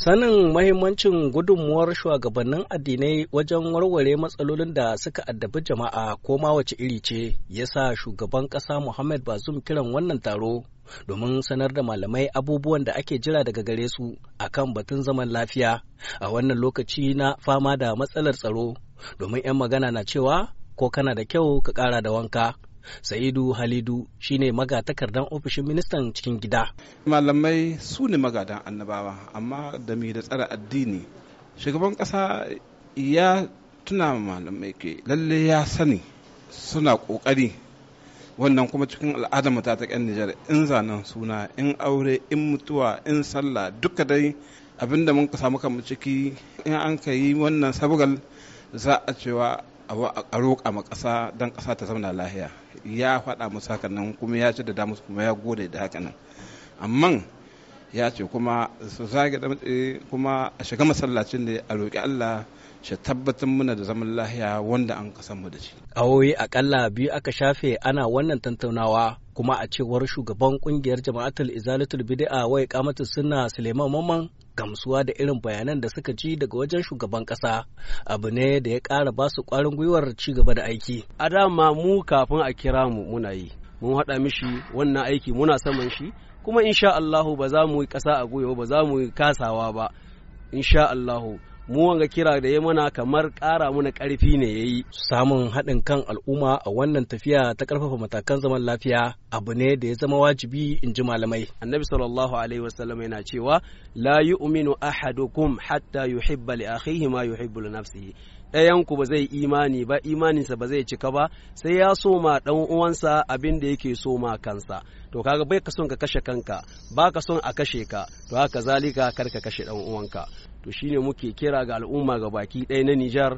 Sanin mahimmancin gudunmuwar shugabannin addinai wajen warware matsalolin da suka addabi jama'a ko ma wace iri ce ya sa shugaban ƙasa Muhammad Bazum kiran wannan taro domin sanar da malamai abubuwan da ake jira daga gare su a kan batun zaman lafiya a wannan lokaci na fama da matsalar tsaro domin 'yan magana na cewa ko kana da kyau ka ƙara da wanka. Sa'idu Halidu shine magatakardan ofishin ministan cikin gida. Malamai su ne magadan annabawa amma da mai da tsara addini. Shugaban ƙasa ya tuna malamai ke lalle ya sani suna ƙoƙari wannan kuma cikin al'adar ta ta kyan Nijar in zanen suna in aure in mutuwa in sallah duka dai abinda mun samu kan ciki in an ka yi wannan sabgal za a cewa a roƙa ma ƙasa don ƙasa ta zauna lahiya ya faɗa musu haka nan kuma ya ce da damu kuma ya gode da hakanan nan amma ya ce kuma su zage eh, kuma a shiga masallacin da a roƙi Allah shi tabbatar muna da zaman lahiya wanda an kasan mu da shi. Awoyi akalla biyu aka shafe ana wannan tantaunawa kuma a cewar shugaban kungiyar jama'atul izalatul bid'a wai kamatu sunna Suleiman Mamman gamsuwa da irin bayanan da suka ji daga wajen shugaban kasa abu ne da ya ƙara ba su ƙwarin gwiwar ci gaba da aiki. A dama mu kafin a kira mu muna yi mun haɗa mishi wannan aiki muna saman shi kuma insha Allahu ba za mu yi ƙasa a goyo ba za mu yi kasawa ba insha Allahu mu wanga kira da ya mana kamar ƙara mana ƙarfi ne ya yi. Samun haɗin kan al'umma a wannan tafiya ta ƙarfafa matakan zaman lafiya abu ne da ya zama wajibi in ji malamai. Annabi sallallahu alaihi wasallam yana cewa la yu'minu ahadukum hatta yuhibba li akhihi ma yuhibbu li nafsihi. ɗayanku ba zai imani ba imaninsa ba zai cika ba sai ya soma ɗan uwansa abin da yake soma kansa to kaga bai ka son ka kashe kanka ba ka son a kashe ka to haka zalika kar ka kashe ɗan uwanka to shine muke kira ga al'umma ga baki ɗaya na Nijar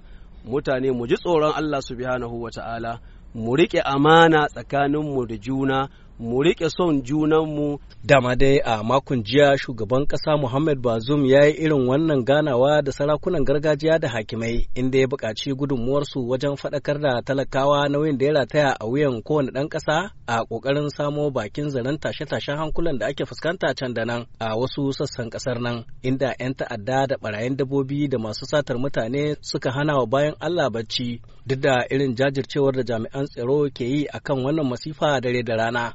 mutane mu ji tsoron Allah subhanahu wa ta'ala mu riƙe amana tsakaninmu da juna mu riƙe son junanmu dama dai a makon jiya shugaban ƙasa muhammad bazum ya yi irin wannan ganawa da sarakunan gargajiya da hakimai inda ya buƙaci gudunmuwarsu wajen faɗakar da talakawa nauyin da ya rataya a wuyan kowane ɗan ƙasa a ƙoƙarin samo bakin zaren tashe-tashen hankulan da ake fuskanta can da nan a wasu sassan ƙasar nan inda 'yan ta'adda da ɓarayin dabbobi da masu satar mutane suka hana wa bayan allah bacci duk da irin jajircewar da jami'an tsaro ke yi akan wannan masifa dare da rana